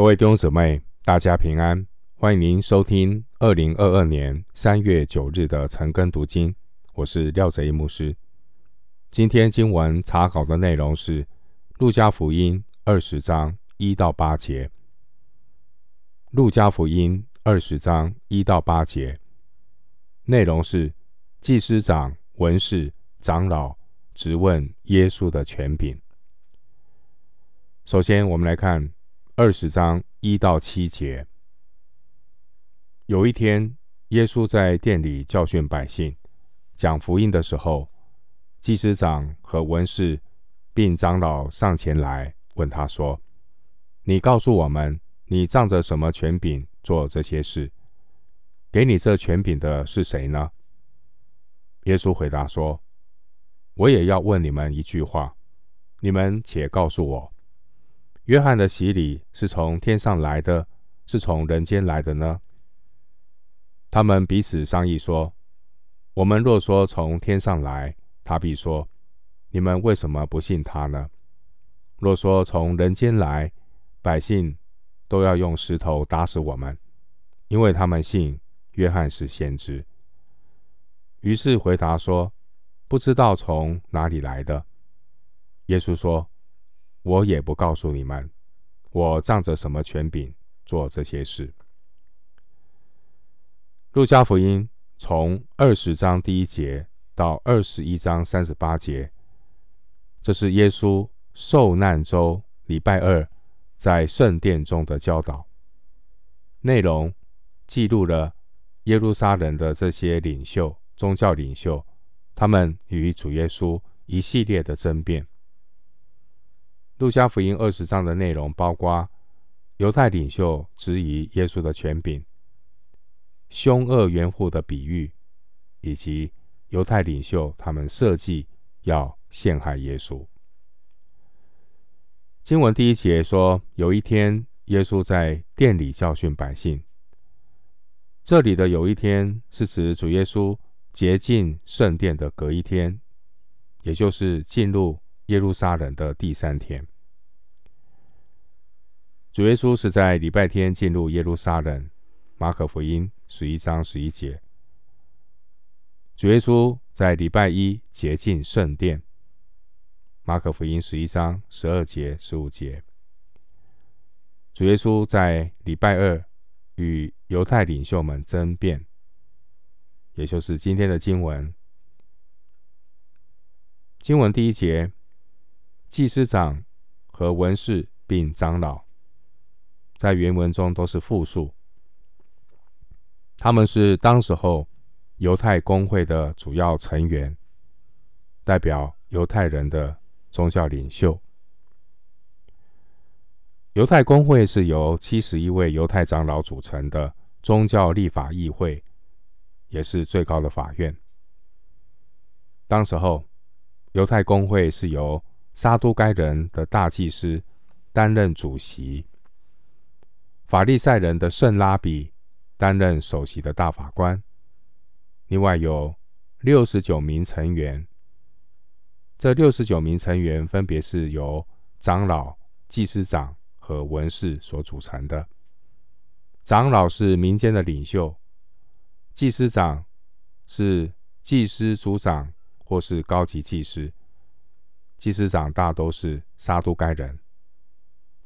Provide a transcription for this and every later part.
各位弟兄姊妹，大家平安！歡迎您收聽二零二二年三月九日的晨更讀經。我是廖澤義牧師。今天經文查考的內容是《路加福音20》二十章一到八節，《路加福音20章節》二十章一到八節內容是祭司長、文士、長老質問耶穌的權柄。首先，我們來看。二十章一到七節。有一天，耶穌在殿裡教訓百姓、講福音的時候，祭司長和文士，並長老上前來問他說：“你告訴我們，你仗着什麼權柄做這些事？給你這權柄的是誰呢？”耶穌回答說：“我也要問你們一句話，你們且告訴我。”約翰的洗禮是從天上來的，是從人間來的呢？他們彼此商議說：“我們若說從天上來，他必說，你們為什麼不信他呢？若說從人間來，百姓都要用石頭打死我們，因為他們信約翰是先知。”於是回答說：“不知道從哪裡來的。”耶穌說。我也不告訴你們，我仗着什麼權柄做這些事。路加福音從二十章第一節到二十一章三十八節，這是耶穌受難周禮拜二在聖殿中的教導。內容記錄了耶路撒冷的這些領袖、宗教領袖，他們與主耶穌一系列的爭辯。路加福音二十章的內容包括猶太領袖質疑耶穌的權柄、兇惡園戶的比喻，以及猶太領袖他們設計要陷害耶穌。經文第一節說：“有一天，耶穌在殿裡教訓百姓。”這裡的“有一天”是指主耶穌潔淨聖殿的隔一天，也就是進入耶路撒冷的第三天。主耶穌是在禮拜天進入耶路撒冷，《馬可福音》十一章十一節。主耶穌在禮拜一潔淨聖殿，《馬可福音》十一章十二節十五節。主耶穌在禮拜二與猶太領袖們爭辯，也就是今天的經文。經文第一節，祭司長和文士並長老。在原文中都是複數。他們是當時候猶太公會的主要成員，代表猶太人的宗教領袖。猶太公會是由七十一位猶太長老組成的宗教立法議會，也是最高的法院。當時候猶太公會是由沙都該人的大祭司擔任主席。法利賽人的聖拉比擔任首席的大法官，另外有六十九名成員。這六十九名成員分別是由長老、祭司長和文士所組成的。長老是民間的領袖，祭司長是祭司組長或是高級祭司。祭司長大都是撒都該人，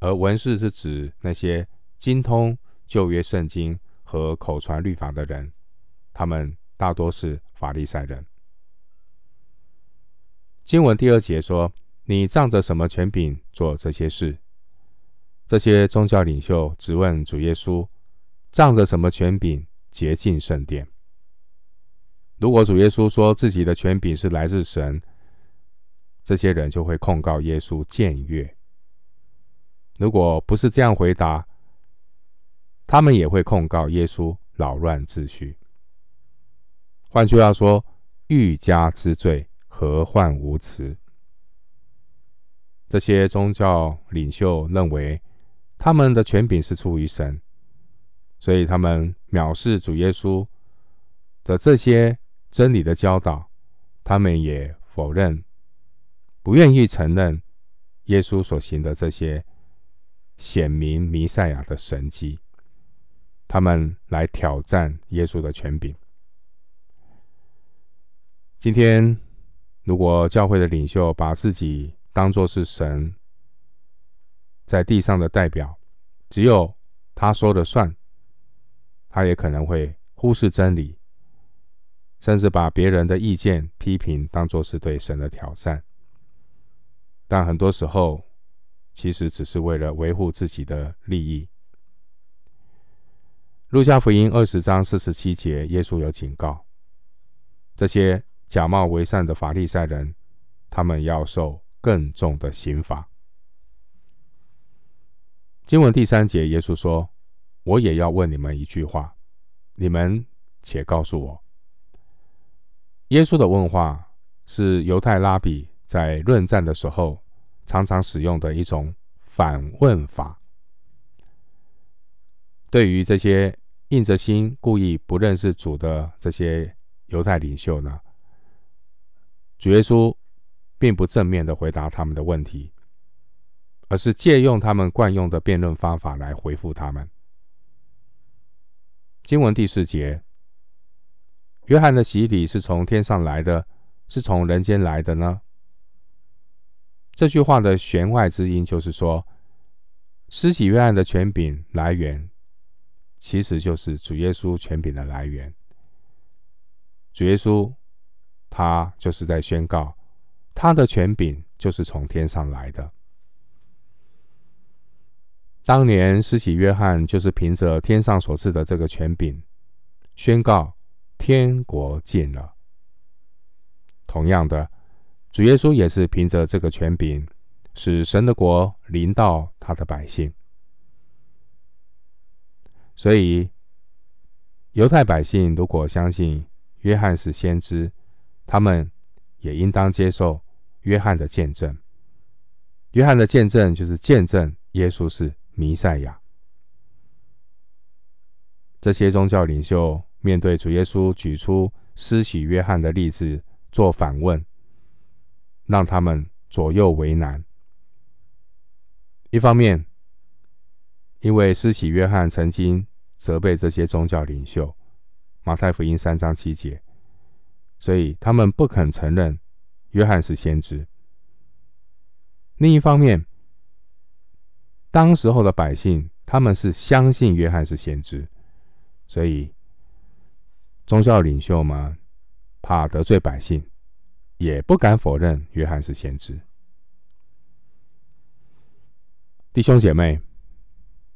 而文士是指那些。精通舊約聖經和口傳律法的人，他們大多是法利賽人。經文第二節說：“你仗着什麼權柄做這些事？”這些宗教領袖質問主耶穌：“仗着什麼權柄潔淨聖殿？”如果主耶穌說自己的權柄是來自神，這些人就會控告耶穌僭越。如果不是這樣回答，他們也會控告耶穌擾亂秩序。換句話說，欲加之罪，何患無辭？這些宗教領袖認為，他們的權柄是出於神，所以他們藐視主耶穌的這些真理的教導，他們也否認，不願意承認耶穌所行的這些顯明彌賽亞的神蹟。他們來挑戰耶穌的權柄。今天，如果教會的領袖把自己當作是神在地上的代表，只有他說了算，他也可能會忽視真理，甚至把別人的意見批評當作是對神的挑戰。但很多時候，其實只是為了維護自己的利益。路加福音二十章四十七節，耶穌有警告這些假冒為善的法利賽人，他們要受更重的刑罰。經文第三節，耶穌說：“我也要問你們一句話，你們且告訴我。”耶穌的問話是猶太拉比在論戰的時候常常使用的一種反問法，對於這些。硬着心故意不認識主的這些猶太領袖呢？主耶穌並不正面的回答他們的問題，而是借用他們慣用的辯論方法來回覆他們。經文第四節：約翰的洗禮是從天上來的，是從人間來的呢？這句話的弦外之音就是說，施洗約翰的權柄來源。其實就是主耶穌權柄的來源。主耶穌他就是在宣告，他的權柄就是從天上來的。當年施洗約翰就是憑着天上所賜的這個權柄，宣告天國近了。同樣的，主耶穌也是憑着這個權柄，使神的國臨到他的百姓。所以，猶太百姓如果相信約翰是先知，他們也應當接受約翰的見證。約翰的見證就是見證耶穌是彌賽亞。這些宗教領袖面對主耶穌舉出施洗約翰的例子做反問，讓他們左右為難。一方面，因為施洗約翰曾經。責備這些宗教領袖，《馬太福音》三章七節，所以他們不肯承認約翰是先知。另一方面，當時候的百姓，他們是相信約翰是先知，所以宗教領袖們怕得罪百姓，也不敢否認約翰是先知。弟兄姐妹，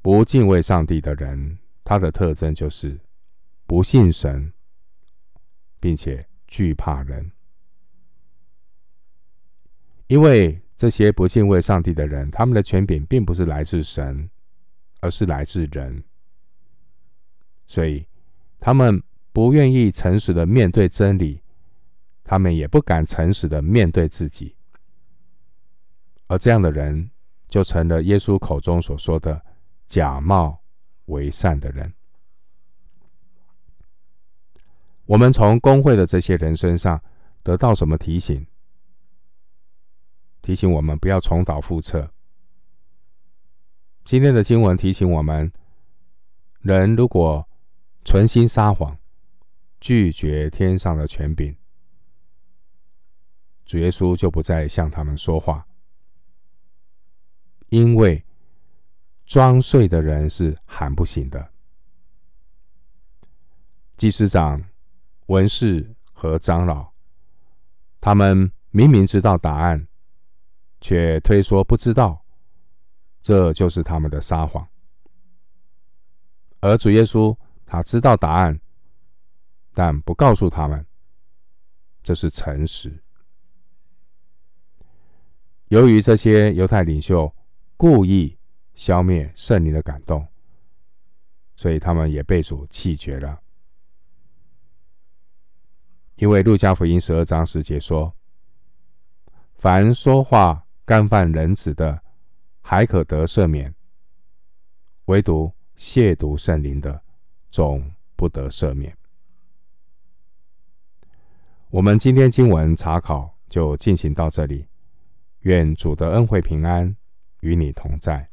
不敬畏上帝的人。他的特徵就是不信神，並且懼怕人。因為這些不敬畏上帝的人，他們的權柄並不是來自神，而是來自人。所以他們不願意誠實的面對真理，他們也不敢誠實的面對自己。而這樣的人，就成了耶穌口中所說的假冒。偽善的人，我們從公會的這些人身上得到什麼提醒？提醒我們不要重蹈覆轍。今天的經文提醒我們：人如果存心撒謊，拒絕天上的權柄，主耶穌就不再向他們說話，因為。裝睡的人是喊不醒的。祭司長、文士和長老，他們明明知道答案，卻推說不知道，這就是他們的撒謊。而主耶穌，他知道答案，但不告訴他們，這是誠實。由於這些猶太領袖故意。消滅聖靈的感動，所以他們也被主棄絕了。因為路加福音十二章十節說：“凡說話干犯人子的，還可得赦免；唯獨褻瀆聖靈的，總不得赦免。”我們今天經文查考就進行到這裡。願主的恩惠平安與你同在。